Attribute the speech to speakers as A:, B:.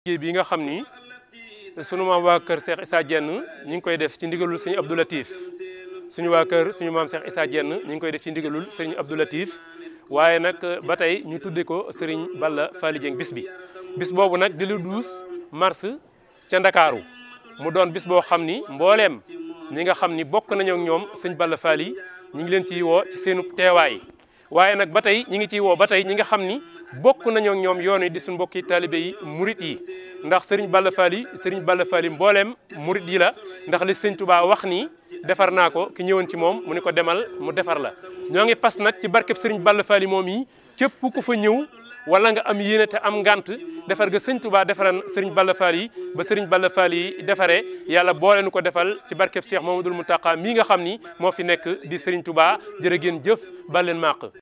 A: liggéey bi nga xam ni sunu maam waa kër Cheikh Issa Diène ñi ngi koy def ci ndigalul sëñ Abdou Latif suñu waa kër suñu maam Cheikh Issa Diène ñi ngi koy def ci ndigalul sëñ Abdou waaye nag ba tey ñu tuddee ko Serigne Balla Fally Dieng bis bi bis boobu nag di le 12 mars ca Ndakaaru mu doon bis boo xam ni mbooleem ñi nga xam ni bokk nañu ñoom sëñ Balla Fally ñi ngi leen ciy woo ci seenu teewaay waaye nag ba tey ñi ngi ciy woo ba tey ñi nga xam ni bokk nañoo ñoom yoon yi di suñu mbokki taalibe yi murit yi ndax sëriñ Balla Fall yi sëriñ Balla Fall yi mbooleem murit yi la ndax li sëñ Touba wax nii defar naa ko ki ñëwoon ci moom mu ni ko demal mu defar la ñoo ngi fas nag ci barkeb sëriñ Balla Fall yi moom yi képp ko fa ñëw wala nga am yéene te am ngant defar nga sëñ Touba defaran sëriñ Balla Fall yi ba sëriñ Balla Fall yi defaree yàlla boole nu ko defal ci barkeb Cheikh mu Moutaka mii nga xam ni moo fi nekk di sëriñ Touba ngeen jëf baleen maaq